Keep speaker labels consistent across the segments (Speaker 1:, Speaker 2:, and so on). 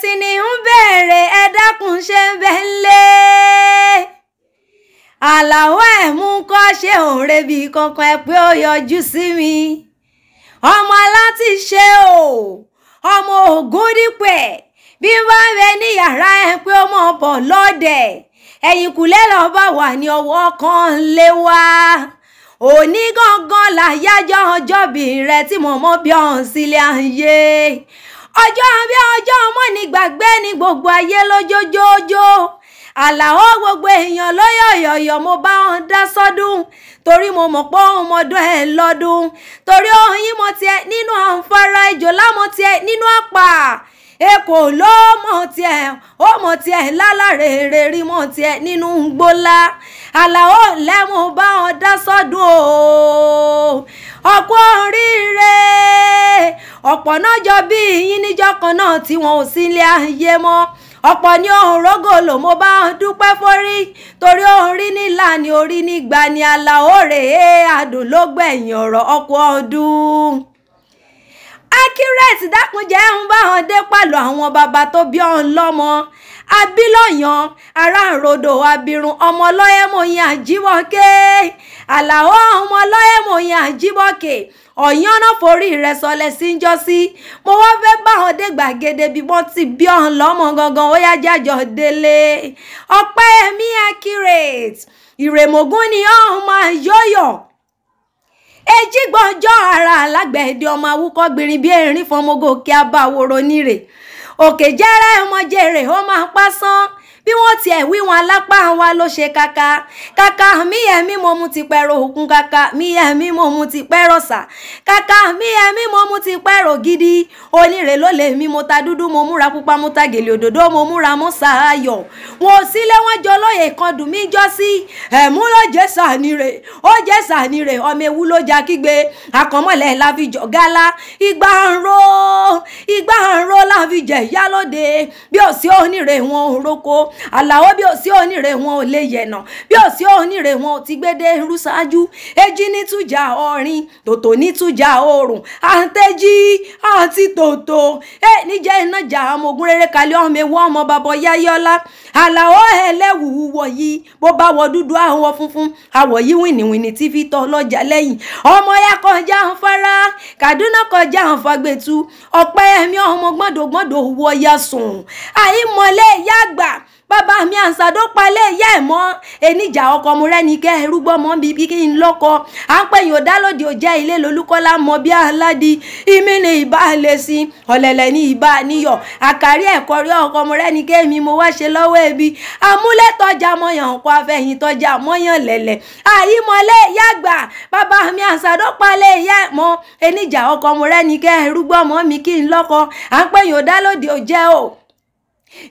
Speaker 1: tí ní ń béèrè ẹ dákun ṣe ń bẹ ńlé àlàó ẹ̀ mú kọ́ ṣe òun rebi kankan ẹ pé ó yọjú sí mi ọmọ aláti ṣe o ọmọ ògún dípẹ̀ bí n bá ń bẹ ní yàrá ẹ pé ó mọ̀ bọ̀ lọ́dẹ̀ ẹ̀yìnkùlé lọ́ọ́ bá wà ní ọwọ́ kan lé wá òní gangan làyájọ́ ọjọ́bí rẹ tí mọ̀mọ́ bí ọ̀hún sílé ayé ọjọ́ bí ọjọ́ ọmọ ní gbàgbé ní gbogbo ayé lójoojoojo àlàó gbogbo èèyàn lọ́yọ̀yọ̀yọ̀ mo bá wọn dá sọ́dún torí mo mọ̀ pé òun mọ̀dún ẹ̀ lọ́dún torí òun yín mọ̀ tiẹ̀ nínú àǹfààrà ìjò lámọ̀ tiẹ̀ nínú àpà èkó ló mọ̀ tiẹ̀ ó mọ̀ tiẹ̀ lálàrèrè rí mọ̀ tiẹ̀ nínú gbólá àlàó lẹ́mu bá wọn dá sọ́dún o ọkú oríire ọ̀pọ̀ náà jọ bí yín níjọ́ kan náà tí wọn ò sí ilé ayé mọ́ ọ̀pọ̀ ni òun rógòlò mo bá dúpẹ́ fórí torí òun rí nílà ni orí nígbà ni àlàó rèé adùn ló gbẹ̀yìn ọ̀rọ̀ ọkọ̀ ọdún accurate dákunjẹ́ ń bá wọn dé pàlọ́ àwọn bàbá tó bí ọ̀hún lọ́mọ abilọyan aráàrodò abirun ọmọlọ́yẹ̀mọ̀yìn àjíwọ́kẹ́ àlàó ọmọlọ́yẹ̀mọ̀yìn àjíwọ́kẹ́ ọ̀yán náà forí rẹ̀ sọlẹ̀ sí ń jọ́sí mo wá fẹ́ bá wọn dé gbàgede bí wọ́n ti bí ọ̀hún lọ́mọ gangan ó yá jájọ délé ọpẹ́ mi accurate ìrèmọ̀gún ni ọ̀hún máa yọ ejigbọjọ ara alágbẹ̀ẹ́dẹ ọmọ awúkọ́ gbìnrin bí erin fọmọgòkè abáwòrò nírè òkè jẹ́rẹ́ ọmọ jèrè ó máa ń pásán bí wọ́n tiẹ̀ wí wọn alápá wa ló ṣe kaka kaka mi ẹ̀mí mo mu ti pẹ́rọ òkun kaka mi ẹ̀mí mo mu ti pẹ́rọ sà kaka mi ẹ̀mí mo mu ti pẹ́rọ gidi onírè ló lè mi mo ta dúdú mo múra pupa mo ta gèlè òdòdó mo múra mo sàáyọ̀ wọn ò sílé wọn jọ lóye kan dùn mí jọ sí ẹ̀mú ló jẹ́ sànírè ó jẹ́ sànírè ọmọ ewu ló ja kígbe àkànmọ́lẹ̀ la gálá ìgbà ń ro ìgbà ń ro la fi bí ò sí onírè wọn ò roko àlàó bí òsí onírè wọn ò lè yẹ̀nà bí òsí onírè wọn ò ti gbédé irú ṣáájú èjì nítújà ọrin tòtò nítújà oòrùn àǹtẹ̀jì àti tòtò ẹ níjẹ́ iná jà ọmọogun rere kalẹ̀ ọmọ ewu ọmọ bàbọ̀ yáyọ́lá àlàó ẹlẹ́wùú wọ̀nyí bó bá wọ dúdú àwọ̀ funfun àwọ̀ yí wìnìwìnì tí fi tọ́ lọ́jà lẹ́yìn ọmọ ya kọjá ń fara Kaduna kọjá ń fagbẹ̀tu ọ̀pẹ́ ẹ̀mí ọmọ gbọ́dọ̀ gbọ́dọ̀ wọ ya sùn àìmọ̀lẹ́ àǹsàdó pale ìyá ẹ̀ mọ́ ẹnìjà ọkọ mo rẹ́ni kẹ́ ẹrú gbọ́mọ bíbí kí n lọ́kọ à ń pè yín òdálòdì òjẹ́ ilé lolúkọ́lá mọ bí aládì ìmí ni iba lè sin ọ̀lẹ̀lẹ̀ ni ìbá níyọ̀ àkàrí ẹ̀kọ́ rí ọkọ mo rẹ́ni kẹ́ mi mo wá ṣe lọ́wọ́ ẹbí amúlẹ̀tọ́jà mọ̀yàn ọkọ afẹ́yìntọ́jà mọ̀yàn lẹ̀lẹ̀ àyímọ̀lẹ́ ìyá àgbà bàbá mi àǹsàdó palẹ̀ ìyá ẹ̀ mọ́ ẹnìjà ọkọ mo rẹ́ni kẹ́ ẹrú gbọ́mọ mi kí n lọ́kọ à ń pè yín òdálòdì òjẹ́ o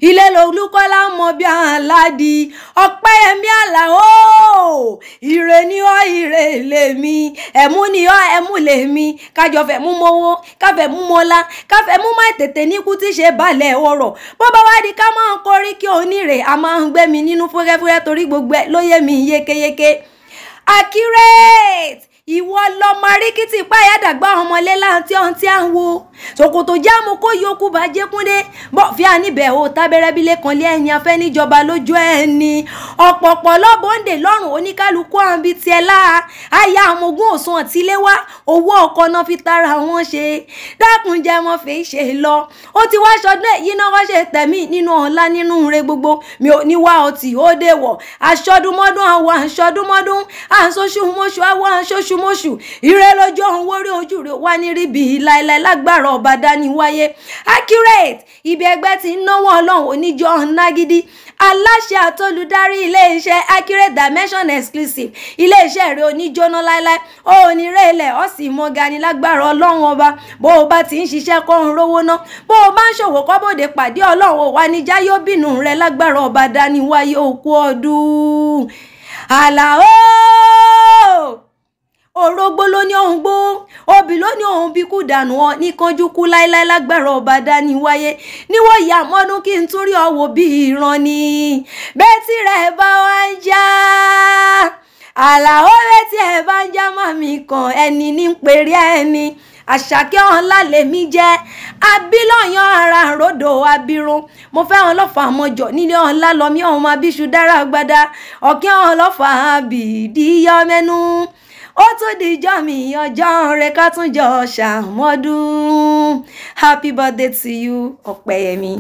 Speaker 1: ilé olúkọ́lá mọ bí aládì ọ̀pẹ́yẹmí àlàó ire ni ọ ire lèmi ẹ̀mú ni ọ ẹ̀mú lèmi kájọ fẹ́ mú mọ́wọ́ káfẹ́ mú mọ́lá káfẹ́ mú má tètè níkú tí ṣe bó bá wá di ká máa ń kí onírè a máa ń gbogbo ló ìwọ lọmọ ríkìtì páyà dàgbà ọmọlé láǹtí ọ̀ǹtí à ń wo ṣòkòtò jáàmù kó yòókù bá jẹkúndé bọ́ fi àníbẹ̀ o tábẹ́rẹ́ bílé kan lé ẹ̀yìn afẹ́ níjọba lójú ẹ̀ ni ọ̀pọ̀pọ̀ lọ́bọ̀ǹdè lọ́rùn oníkálukú àǹbí tiẹ̀ láà àyà àmọ̀gún òsùn àtiléwá owó ọkọ̀ náà fi tara wọn ṣe dákun jẹ́ wọn fi ṣe lọ ó ti wá ṣọdún èyí náà wọ́n ṣe tẹ̀mí nínú ọ̀la nínú re gbogbo mi ò ní wá ọtí ó dé wọ̀ aṣọ́dúnmọ́dún àwọn aṣọ́dúnmọ́dún à ń ṣoṣù mọ́ṣù mọ́ṣúmọ́ṣù ire lọ́jọ́ òun wórí ojú rẹ̀ wá ní ríbi láéláé lágbára ọba dání wáyé accurate ibi ẹgbẹ́ ti ń náwó ọlọ́run oníjọ́ nagidi aláṣẹ àtolùdarí iléeṣẹ́ accurate dimension exclusive iléeṣẹ́ rẹ̀ oníjọ́nà láéláé òòníire ilẹ̀ ọ̀sìn mọ́gani lágbára ọlọ́run ọba bó o bá ti ń ṣiṣẹ́ kọ́ ń rówó ná bó o bá ń ṣòwò kọ́bòdè pàdé ọlọ́run ò wá ní jáyọ́ lónìí òun bí kú dànù ọ ní kánjú kú láéláé lágbára ọba dání wáyé níwọ̀n ìyá mọ́dún kí n tún rí ọ bí ìran ni bẹ́ẹ̀ tí rẹ̀ bá wá ń já àlàó bẹ́ẹ̀ tí ẹ̀ bá ń já màmí kan ẹni ní pèrè ẹni àṣàkẹ́ ọ̀la lèmi jẹ́ abilọ́yàn ara ròdò abirun mo fẹ́ràn lọ́fà àmọ́jọ nílé ọ̀la lọ́mí ọ̀hún abiṣu dára gbada ọ̀kẹ́ ọ̀lọ́fà àbìdíyọ́mẹ́nu ó tún dijọ́ mi ọjọ́ rẹ ká tún jọ ṣàmọ́dún happy birthday to you ọ̀pẹ̀yẹmí.